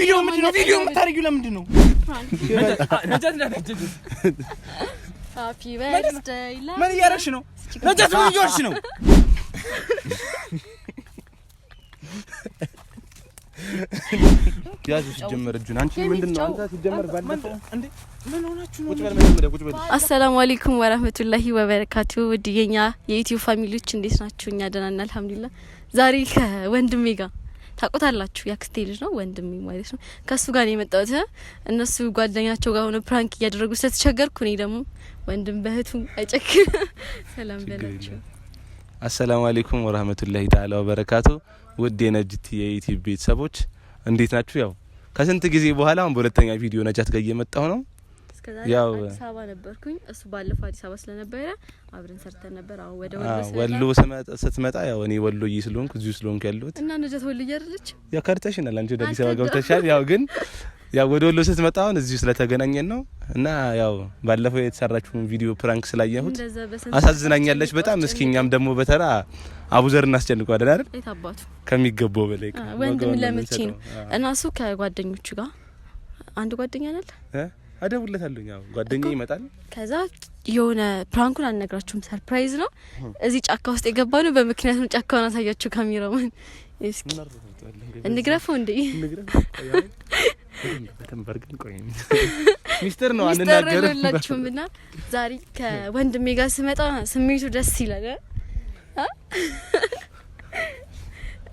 ቪዲዮ ምንድን ነው? ቪዲዮ የምታደርጊው ለምንድን ነው? ምን እያደረግሽ ነው? ነጃት ምን እያደረግሽ ነው? ያዙ ሲጀመር እጁን አንቺ ምንድን ነው አንተ ሲጀመር እንዴ ምን ሆናችሁ ነው? አሰላሙ አለይኩም ወራህመቱላሂ ወበረካቱ። ውድ የኛ የዩቲዩብ ፋሚሊዎች እንዴት ናችሁ? እኛ ደህና ነን አልሐምዱሊላህ። ዛሬ ከወንድሜ ጋር ታቆታላችሁ። ያክስቴ ልጅ ነው ወንድም ማለት ነው። ከሱ ጋር የመጣሁት። እነሱ ጓደኛቸው ጋር ሆነ ፕራንክ እያደረጉ ስለተቸገርኩ እኔ ደግሞ ወንድም በእህቱ አይጨክ ሰላም በላቸው። አሰላሙ አሌይኩም ወራህመቱላሂ ተዓላ ወበረካቱ። ውድ የነጅት የዩቲዩብ ቤተሰቦች እንዴት ናችሁ? ያው ከስንት ጊዜ በኋላ አሁን በሁለተኛ ቪዲዮ ነጃት ጋር እየመጣሁ ነው። እስከዛሬ አዲስ አበባ ነበርኩኝ። እሱ ባለፈው አዲስ አበባ ስለነበረ አብረን ሰርተን ነበር። አሁን ወደ ወሎ ስትመጣ ያው እኔ ወሎዬ ስለሆንኩ እዚሁ ስለሆንኩ ያለሁት እና ነጃት ወሎዬ አይደለች። ያው ከርተሽናል አንቺ ወደ አዲስ አበባ ገብተሻል። ያው ግን ያው ወደ ወሎ ስትመጣ አሁን እዚሁ ስለተገናኘን ነው እና ያው ባለፈው የተሰራችውን ቪዲዮ ፕራንክ ስላየሁት አሳዝናኛለች በጣም። እስኪ እኛም ደግሞ በተራ አቡዘር እናስጨንቀዋለን አይደል? የታባቱ ከሚገባው በላይ ወንድም ለምቼ ነው እና እሱ ከጓደኞቹ ጋር አንድ ጓደኛ ናል አደውለታለሁ ጓደኛዬ ይመጣል። ከዛ የሆነ ፕራንኩን አልነግራችሁም፣ ሰርፕራይዝ ነው። እዚህ ጫካ ውስጥ የገባ ነው በምክንያት ነው። ጫካውን አሳያችሁ ካሜራማን። እስኪ እንግረፈው እንዴ ሚስተር ነው አንናገርላችሁም። እና ዛሬ ከወንድሜ ጋር ስመጣ ስሜቱ ደስ ይላል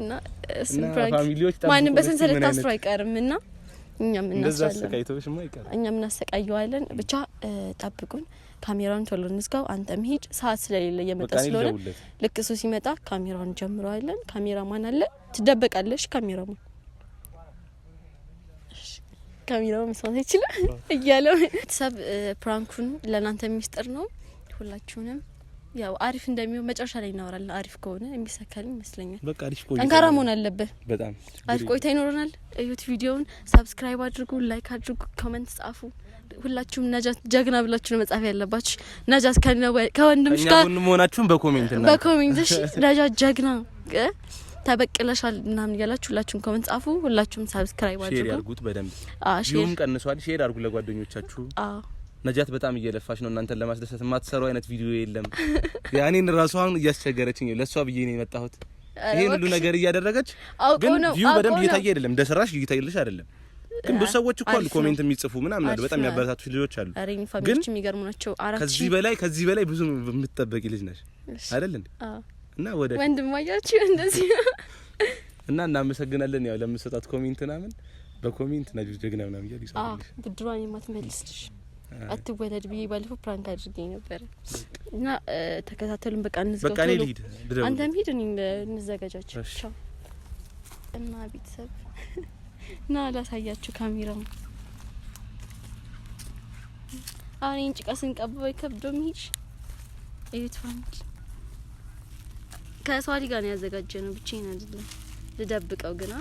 እና ፋሚሊዎች ማንም በሰንሰለት ታስሮ አይቀርም እና እኛም እናሰቃየዋለን። ብቻ ጠብቁን። ካሜራውን ቶሎ እንዝጋው። አንተም ሂድ፣ ሰዓት ስለሌለ እየመጣ ስለሆነ ልክ እሱ ሲመጣ ካሜራውን ጀምረዋለን። ካሜራማን አለ፣ ትደበቃለሽ። ካሜራማን ካሜራው መስማት አይችልም እያለው ቤተሰብ ፕራንኩን ለእናንተ ሚስጥር ነው ሁላችሁንም ያው አሪፍ እንደሚሆን መጨረሻ ላይ እናወራለን። አሪፍ ከሆነ የሚሳካልኝ ይመስለኛል። በቃ አሪፍ ቆይታ ጠንካራ መሆን አለብህ። በጣም አሪፍ ቆይታ ይኖረናል። እዩት፣ ቪዲዮውን ሰብስክራይብ አድርጉ፣ ላይክ አድርጉ፣ ኮመንት ጻፉ። ሁላችሁም ነጃት ጀግና ብላችሁ ነው መጻፍ ያለባችሁ። ነጃት ከወንድምሽ ጋር ወንድም ሆናችሁን በኮሜንት ና በኮሜንት እሺ፣ ነጃት ጀግና ተበቅለሻል ምናምን እያላችሁ ሁላችሁም ኮመንት ጻፉ። ሁላችሁም ሰብስክራይብ አድርጉ፣ ሼር አድርጉት በደንብ። ሼርም ቀንሷል። ሼር አድርጉ ለጓደኞቻችሁ። አዎ ነጃት በጣም እየለፋች ነው። እናንተን ለማስደሰት የማትሰሩ አይነት ቪዲዮ የለም። ያኔን ራሷን እያስቸገረችኝ ለእሷ ብዬ ነው የመጣሁት። ይሄን ሁሉ ነገር እያደረገች ግን ቪው በደንብ እየታየ አይደለም። እንደ ስራሽ እየታየልሽ አይደለም። ግን ብዙ ሰዎች እኮ አሉ ኮሜንት የሚጽፉ ምናምን አሉ። በጣም የሚያበረታቱ ልጆች አሉ። ግን የሚገርሙ ናቸው። ከዚህ በላይ ከዚህ በላይ ብዙ የምትጠበቂ ልጅ ነሽ አይደል እንዴ? እና ወደ ወንድም አያችሁ እንደዚህ እና እናመሰግናለን። ያው ለምሰጣት ኮሜንት ምናምን በኮሜንት ነጅ ደግና ምናምን እያሉ ይሰራሉ። ብድሯን የማትመልስልሽ አትወለድ ብዬ ባለፈው ፕራንክ አድርገኝ ነበረ እና ተከታተሉን። በቃ እንዝጋው። በቃ ልሂድ፣ አንተም ሂድ፣ እንዘጋጃች እና ቤተሰብ እና ላሳያችሁ ካሜራውን አሁን ይህን ጭቃ ስንቀባው ይከብደው ሚሄድ እዩት። ፋንድ ከሰዋሊ ጋር ነው ያዘጋጀ ነው። ብቻዬን አይደለም ልደብቀው ግና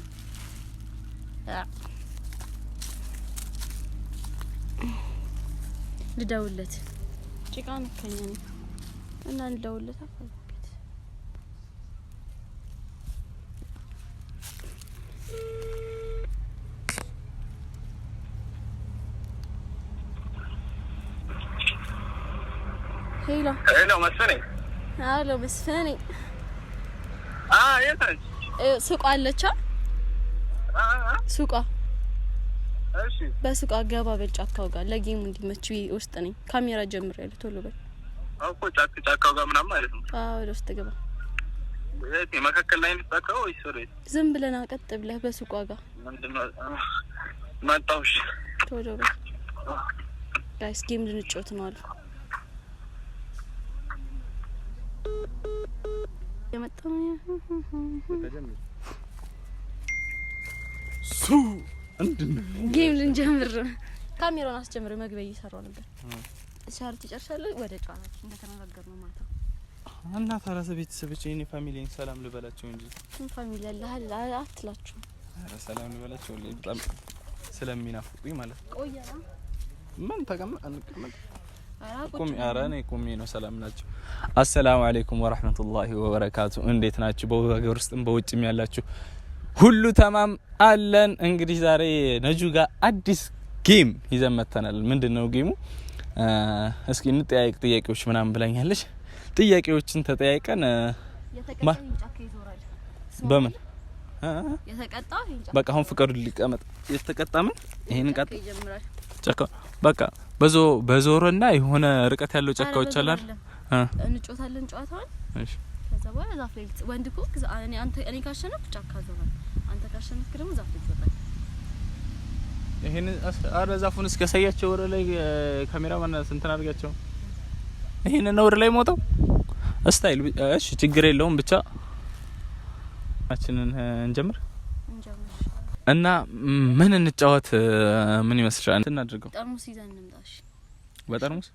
ልደውለት ጭቃ ነካኝ እና ልደውለት አፈለቤት ሄሎ ሄሎ፣ መስፍኔ አሎ፣ መስፍኔ አ የት ነሽ? ሱቋ አለቻ ሱቋ በሱቅ አገባ በል ጫካው ጋር ለጌሙ እንዲመች ውስጥ ነኝ። ካሜራ ጀምር ያለ ቶሎ በል እኮ ጫካው ጋር ምናምን ማለት ነው። ወደ ውስጥ ገባ። መካከል ላይ ጫካው ወይስ ወዴት? ዝም ብለና ቀጥ ብለህ በሱቅ ጋር መጣሁሽ። ቶሎ በል ጋይስ፣ ጌም ልንጫወት ነው አሉ። የመጣው ሱ ጌም ልንጀምር ካሜራውን አስጀምር። መግቢያ እየሰራው ነበር። ሻርት ይጨርሻለሁ። ወደ ጨዋታችን ማታ እና ታራሰ ቤተሰቦች የኔ ሰላም ልበላቸው እንጂ ምን ፋሚሊ አለ አትላችሁ? ሰላም ልበላቸው በጣም ስለሚናፍቁኝ ማለት ቆያ ምን ተቀመጥ አንቀመጥ እኔ ነው ሰላም አሰላሙ አለይኩም ወራህመቱላሂ ወበረካቱ። እንዴት ናችሁ? በሀገር ውስጥም በውጭም ያላችሁ ሁሉ ተማም አለን። እንግዲህ ዛሬ ነጁ ጋር አዲስ ጌም ይዘን መጥተናል። ምንድን ነው ጌሙ? እስኪ እንጠያየቅ ጥያቄዎች ምናምን ብላኛለች። ጥያቄዎችን ተጠያይቀን በምን በቃ አሁን ፍቀዱ ሊቀመጥ የተቀጣ ምን ይሄን ቃጥ ጫካ በቃ በዞ በዞርና የሆነ ርቀት ያለው ጫካዎች አላል እንጮታለን ጨዋታውን እሺ ከዛ በኋላ ዛፍ ላይ ወንድ እኮ እኔ አንተ እኔ ካሸነፍ ጫካ ዘባል፣ አንተ ካሸነፍክ ደግሞ ዛፍ ላይ ዘባል። ይሄን አረ ዛፉን እስከ ሳያቸው ወደ ላይ ካሜራ ማን እንትን አድርጋቸው። ይሄን ነው ወደ ላይ ሞተው ስታይል። እሺ ችግር የለውም ብቻ አችንን እንጀምር እና ምን እንጫወት? ምን ይመስልሻል? እንትን አድርገው ጠርሙስ ይዘን እንምጣሽ። በጠርሙስ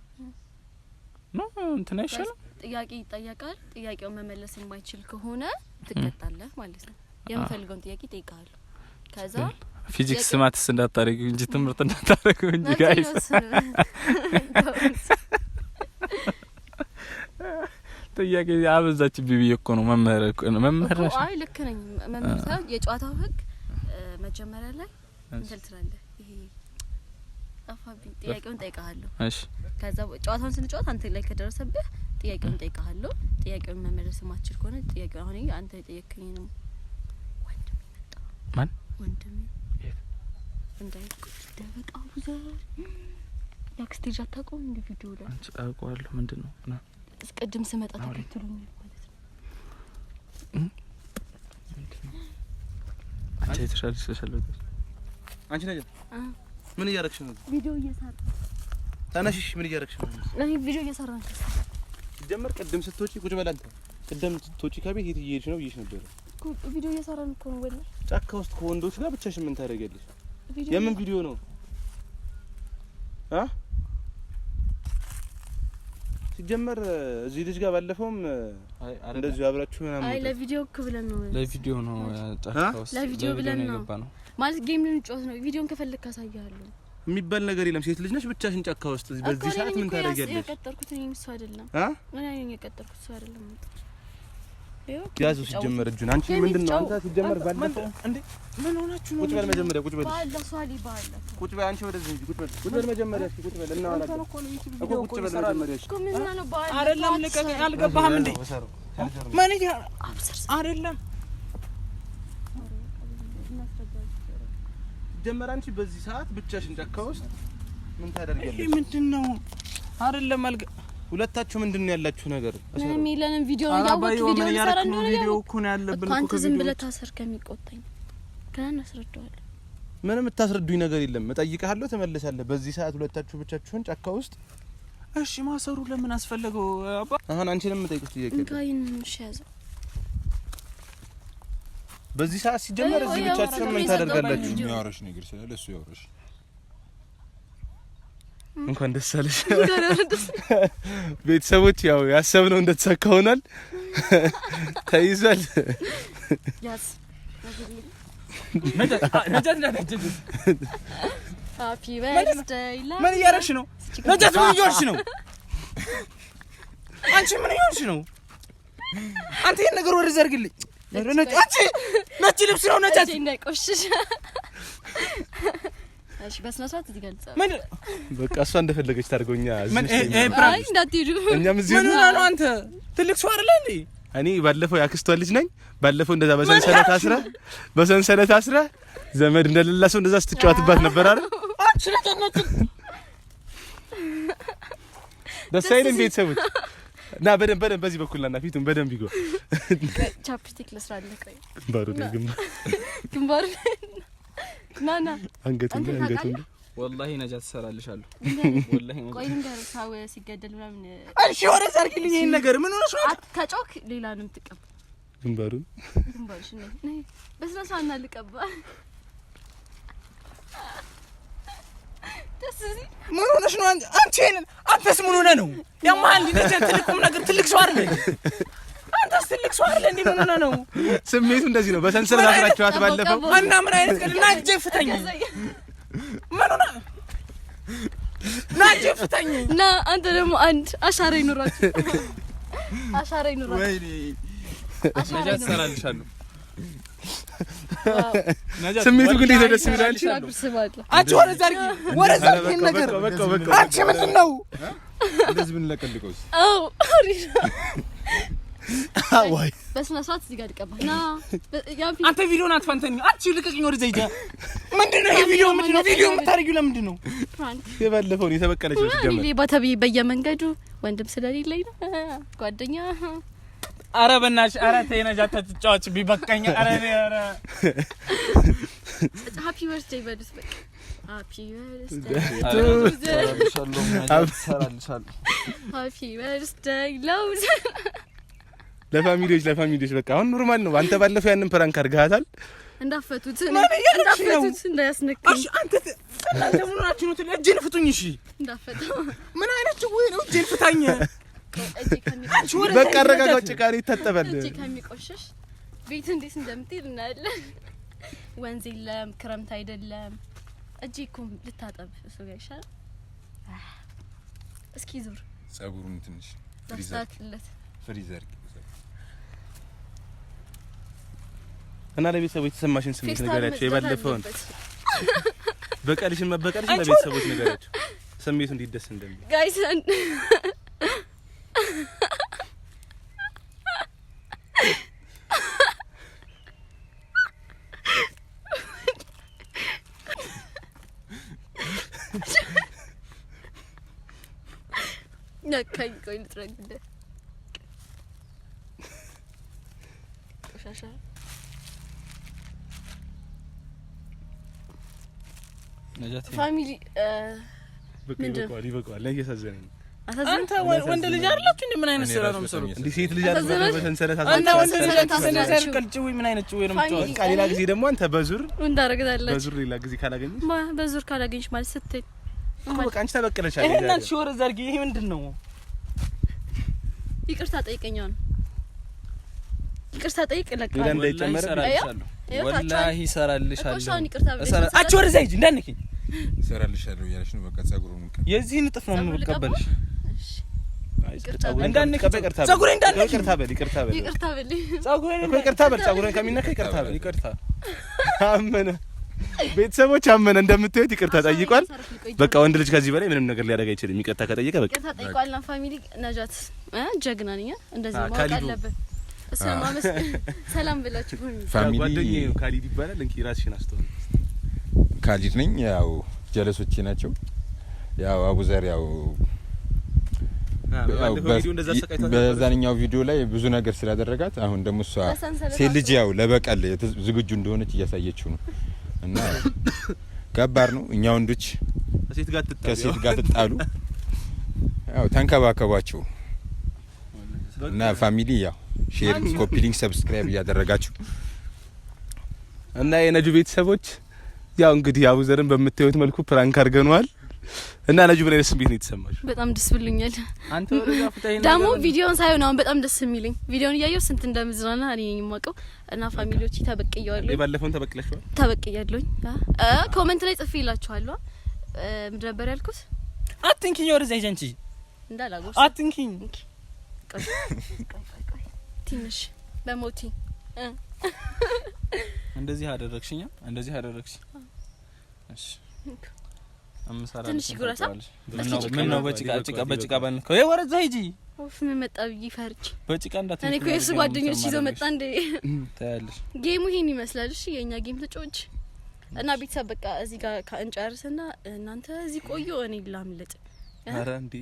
ኖ እንትን አይሻልም? ጥያቄ ይጠየቃል። ጥያቄውን መመለስ የማይችል ከሆነ ትቀጣለህ ማለት ነው። የምፈልገውን ጥያቄ እጠይቅሃለሁ። ከዛ ፊዚክስ ማትስ እንዳታደርጉ እንጂ ትምህርት እንዳታደርጉ እንጂ ጋይስ ጥያቄ አበዛች ቢቢ እኮ ነው መምህር መምህር አይ ልክ ነኝ መምህር የጨዋታው ህግ መጀመሪያ ላይ እንትን ትላለህ ይሄ ጠፋብኝ ጥያቄውን ጠይቀሃለሁ እሺ ከዛ ጨዋታውን ስንጫወት አንተ ላይ ከደረሰብህ ጥያቄውን ጠይቀሃለሁ። ጥያቄውን መመለስ ማችል ከሆነ ጥያቄ አሁን አንተ የጠየቅኝ ነው። ወንድም ማን ወንድም አታውቀውም? እንዲ ቪዲዮ ላይ አውቀዋለሁ። ምንድን ነው ስመጣ አንቺ የተሻለ አንቺ ምን እያረግሽ ነው? ቪዲዮ እየሰራ ተነሽሽ። ምን እያረግሽ ነው? ቪዲዮ እየሰራ ነው ሲጀመር ቅድም ስትወጪ ቁጭ በል አንተ። ቅድም ስትወጪ ከቤት የት እየሄድሽ ነው ብዬሽ ነበረ። ቪዲዮ እየሰራን እኮ ነው። ወላሂ ጫካ ውስጥ ከወንዶች ጋር ብቻሽ ምን ታደርጊያለሽ? የምን ቪዲዮ ነው? ሲጀመር እዚህ ልጅ ጋር ባለፈውም እንደዚህ አብራችሁ ምናምን። አይ ለቪዲዮ እኮ ብለን ነው ለቪዲዮ ነው ጫካ ውስጥ ለቪዲዮ ብለን ነው ማለት ጌም ልንጫወት ነው። ቪዲዮን ከፈለክ ካሳያለሁ የሚባል ነገር የለም። ሴት ልጅ ነሽ ብቻሽን ጫካ ውስጥ በዚህ ሰዓት ምን ታደርጊያለሽ? እሱ አይደለም እኔ እሱ አይደለም። ያዙ ሲጀመር እጁን አንቺ እንዴ ምን ነው? ቁጭ በል ቁጭ በል ባለ ሷሊ ባለ ቁጭ በል አንቺ ወደዚህ ቁጭ በል ቁጭ በል ቁጭ በል እና ቁጭ በል አይደለም እንዴ አይደለም ሲጀመር አንቺ በዚህ ሰዓት ብቻሽን ጫካ ውስጥ ምን ታደርጊያለሽ? እሺ ምንድነው? ነው አይደለም አልጋ ሁለታችሁ ምንድነው ያላችሁ ነገር? ምንም የለንም። ቪዲዮ ነው ያወቅ ቪዲዮ ሰራ እንደሆነ እኮ ነው ያለብን እኮ አንተ ዝም ብለህ ታሰር ከሚቆጣኝ ከናን አስረዳዋለሁ። ምንም የምታስረዱኝ ነገር የለም። እጠይቅሃለሁ፣ ትመልሳለህ። በዚህ ሰዓት ሁለታችሁ ብቻችሁን ጫካ ውስጥ እሺ፣ ማሰሩ ለምን አስፈለገው? አባ አሁን አንቺንም ለምን ጠይቁት ጥያቄ እንካይን ሸዘ በዚህ ሰዓት ሲጀመር እዚህ ብቻችሁን ምን ታደርጋላችሁ? የሚያወራሽ ነገር ስላለ እሱ ያወራሽ። እንኳን ደስ አለሽ ቤተሰቦች። ያው ያሰብነው እንደተሳካ ሆኗል፣ ተይዟል። ምን እያደረግሽ ነው ነጃት? ምን እያደረግሽ ነው አንቺ? ምን እያደረግሽ ነው አንተ? ይሄን ነገር ወደ ዘርግልኝ አንቺ መች ልብስ ነው ነጫት እንዳይቆሽሽ እሺ በስነ ስርዓት ትገልጻለህ። ምን በቃ እሷ እንደፈለገች ታድርገውኛ። ምን እንዳትሄዱ እኛም እዚህ ምን ነው አንተ ትልቅ ሰው አይደለ እንዴ? እኔ ባለፈው ያክስቷ ልጅ ነኝ። ባለፈው እንደዛ በሰንሰለት አስረ በሰንሰለት አስረ ዘመድ እንደሌላ ሰው እንደዛ ስትጫወትባት ነበር አይደል? አንቺ ለተነጥ ደስ አይልም ቤተሰቦች እና በደንብ በደንብ በዚህ በኩል ላና ፊቱን በደንብ ይጎ ቻፕስቲክ ልስራልህ። ቆይ ግንባሩ ነው ግንባሩ ግንባሩ ናና አንገቱን አንገቱን ወላሂ ነጃ ትሰራልሻለሁ። ወላሂ ቆይ ንገር ሰው ሲገደል ምናምን እሺ፣ ወደ ሰርግልኝ ይሄን ነገር ምን ሆነሽ ነው? አትከጮክ ሌላ ነው የምትቀባ ግንባሩ ግንባሩ እሺ፣ በስነ ስርዓት እናልቀባ ምን ሆነሽ ነው አንቺ? ይሄንን አንተስ ምን ሆነ ነው ያማል? ልጅ ትልቁም ነገር ትልቅ ሰው አይደል? አንተስ ትልቅ ሰው አይደል? እንዴ ምን ሆነ ነው? ስሜቱ እንደዚህ ነው። በሰንሰለት አስራችኋት ባለፈው እና ምን አይነት ቀን እና እጄ ፍተኝ። ምን ሆነ ና እጄ ፍተኝ። ና አንተ ደግሞ አንድ አሻራ ይኖራችሁ፣ አሻራ ይኖራችሁ። ወይኔ አሻራ ይኖራችሁ። ስሜቱ ግን እንዴት ደስ ይላል። አንቺ ወረዛ አድርጊ፣ ወረዛ አድርጊ ነገር አንቺ ምንድን ነው እንደዚህ ብንለቀልቀውስ? አዎ አዋይ በስነ ስርዓት እዚህ ጋር ልቀባ አንተ ቪዲዮን አትፈንተኝ። አንቺ ልቀቅኝ። ወደዛ ይጃ ምንድን ነው ይሄ ቪዲዮ? ምንድን ነው ቪዲዮ የምታደርጊው? ለምንድን ነው የባለፈውን የተበቀለች በየመንገዱ ወንድም ስለሌለኝ ጓደኛ አረ በእናትሽ አረ ተይነጃ ተጫዋች ቢበቃኝ አረ አረ ሃፒ በርዝዴ ይበሉት በቃ ለፋሚሊዎች ለፋሚሊዎች በቃ አሁን ኖርማል ነው። አንተ ባለፈው ያንን ፕራንክ አድርገሃታል። እንዳፈቱት እንዳፈቱት እንዳያስነካሽ አንተ እናንተ ምናችሁ ነው እጅን ፍቱኝ። እሺ እንዳፈታ ምን አይነት ጭጉ ነው እጅን ፍታኝ በቃ አረጋጋው። ጭቃ ነው ይታጠባል። እጅ ከሚቆሽሽ ቤት እንዴት እንደምትሄድ እናያለን። ወንዝ የለም፣ ክረምት አይደለም። እጅ ኩም ልታጠብ እሱ ጋር ይሻል። እስኪ ዙር ጸጉሩን ትንሽ ፍሪዘር እና ለቤተሰቦች የተሰማሽን ስሜት ንገሪያቸው። የባለፈውን በቀልሽን መበቀልሽን ለቤተሰቦች ንገሪያቸው ስሜቱ እንዲደስ እንደሚል ጋይሰን ነካኝ። ቆይ ልጥረግልህ። ቆሻሻ ፋሚሊ ይበቃዋል። እያሳዘነኝ ነው። አንተ ወንድ ልጅ አይደላችሁ እንዴ? ምን አይነት ስራ ነው የምትሰሩት? እንደ ሴት ልጅ አይደለም በሰንሰለት አንተ ልጅ ምን አይነት ጭው ነው የምትጫወት? ሌላ ጊዜ ደግሞ አንተ በዙር እንዳረግታለች። በዙር ሌላ ጊዜ ካላገኘሽ በዙር ካላገኘሽ ማለት ስትይ በቃ አንቺ ተበቀለሻል። ይሄን አንቺ ወር ዘርጊ። ይሄ ምንድን ነው? ይቅርታ ጠይቀኛው ይቅርታ ጠይቅ። ለካ እንዳይጨመር ወላሂ እሰራልሻለሁ። አንቺ ወር ዘይ እንዳንኪኝ እሰራልሻለሁ እያለሽ ነው። በቃ ጸጉሩን የዚህን እጥፍ ነው የምቀበልሽ። ይቅርታ በል፣ ጸጉሬን ከሚነካ ይቅርታ በል። ይቅርታ አመነ ቤተሰቦች አመነ። እንደምታዩት ይቅርታ ጠይቋል። በቃ ወንድ ልጅ ከዚህ በላይ ምንም ነገር ሊያደርግ አይችልም። ይቅርታ ከጠየቀ በቃ ይቅርታ ጠይቋል። ና ፋሚሊ ነጃት ጀግና ነኝ። እንደዚህ ማወቅ አለበት። ሰላም ብላችሁ ፋሚሊ ጓደኛዬ ካሊድ ይባላል። እንኪ ራስሽን አስተዋል። ካሊድ ነኝ። ያው ጀለሶቼ ናቸው። ያው አቡዘር ያው በዛንኛው ቪዲዮ ላይ ብዙ ነገር ስላደረጋት አሁን ደግሞ እሷ ሴት ልጅ ያው ለበቀል ዝግጁ እንደሆነች እያሳየችው ነው እና ከባድ ነው። እኛ ወንዶች ከሴት ጋር ትጣሉ፣ ያው ተንከባከቧቸው እና ፋሚሊ ያው ሼር፣ ኮፒ ሊንክ፣ ሰብስክራይብ እያደረጋችሁ እና የነጁ ቤተሰቦች ያው እንግዲህ አቡዘርን በምታዩት መልኩ ፕራንክ አድርገነዋል። እና ነጁ ምን አይነት ስሜት ነው የተሰማሽ? በጣም ደስ ብሎኛል። አንተ ደግሞ ቪዲዮን ሳይሆን አሁን በጣም ደስ የሚለኝ ቪዲዮን እያየሁ ስንት እንደምዝናና እኔ ነኝ የማውቀው። እና ፋሚሊዎቼ ተበቅየዋለሁ። የባለፈውን ተበቅለሽዋል? ተበቅያለሁኝ። ኮመንት ላይ ጽፌ ይላችኋሉ። ምንድን ነበር ያልኩት? አትንኪኝ፣ ወደዛ ይዘንቺ እንዳላጎስ አትንኪኝ። ትንሽ በሞቲ እንደዚህ አደረግሽኛ፣ እንደዚህ አደረግሽ። እሺ ትንሽ ይጉራሳ ምን መጣ ብዬ ፈርቼ በጭቃ እንዳትል እኔ እኮ የእሱ ጓደኞች ይዞ መጣ እንዴ ታያለሽ ጌሙ ይሄን ይመስላል እሺ የኛ ጌም ተጫዎች እና ቤተሰብ በቃ እዚህ ጋር እንጨርስና እናንተ እዚህ ቆዩ እኔ ላምልጥ ኧረ እንዴ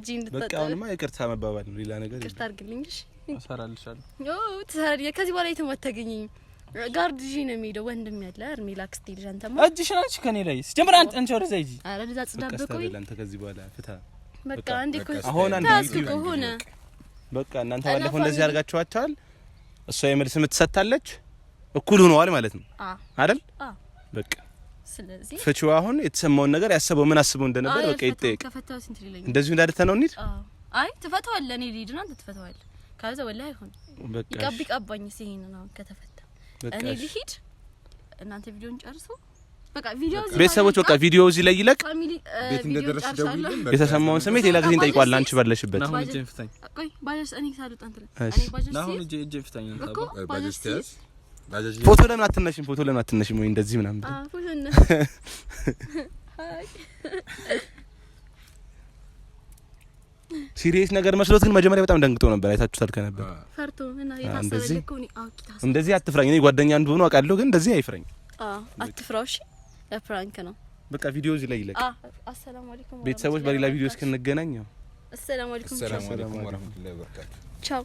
እጂ እንድትጠጣ አሁንማ ይቅርታ መባባል ነው ሌላ ነገር ይቅርታ አድርግልኝ እሺ እሰራልሻለሁ ኦ ከዚህ በኋላ የትም አታገኘኝም ጋርድ ጂ ነው የሚሄደው። ወንድም ያለ እርሜ ላክስቴ ልጅ አንተ ማ እጅሽ ናች ከኔ ላይ ስጀምር አንተ አንቺ ወደዛ ይጂ አረ ለዛ ጽዳብቆይ አንተ ከዚህ በኋላ ፍታ በቃ አንዴ እኮ አሁን አንዴ እኮ ሆነ በቃ እናንተ ባለፈው እንደዚህ አድርጋችኋቸዋል። እሷ የመልስ የምትሰጣለች እኩል ሆነዋል ማለት ነው አይደል? በቃ ስለዚህ ፍቺው አሁን የተሰማውን ነገር ያሰበው ምን አስበው እንደነበር በቃ ይጠየቅ። እንደዚሁ እንዳደተ ነው እንሂድ። አይ ትፈታዋለህ፣ እኔ ልሂድ እና አንተ ትፈታዋለህ። ካዛ ወላሂ አይሆን ይቀብ ይቀባኝ ሲሄን ነው ከተፈታ እኔ ልሂድ፣ እናንተ ቪዲዮን ጨርሱ። ቤተሰቦች፣ በቃ ቪዲዮ እዚህ ላይ ይለቅ። ቤት እንደደረስሽ ደውዪልኝ። የተሰማውን ስሜት ሌላ ጊዜ እንጠይቋል። አንቺ ባለሽበት ፎቶ ለምን አትነሽም? ፎቶ ለምን አትነሽም? ወይ እንደዚህ ምናምን ሲሪየስ ነገር መስሎት ግን መጀመሪያ በጣም ደንግጦ ነበር። አይታችሁ ታልከ ነበር ፈርቶ እና እንደዚህ አትፍራኝ። እኔ ጓደኛ አንዱ ሆኖ አውቃለሁ፣ ግን እንደዚህ አይፍራኝ። አትፍራው፣ እሺ። ፕራንክ ነው በቃ። ቪዲዮ እዚህ ላይ ይለቅ። አሰላሙ አለይኩም ቤተሰቦች፣ በሌላ ቪዲዮ እስክንገናኝ። አሰላሙ አለይኩም ወራህመቱላሂ ወበረካቱ። ቻው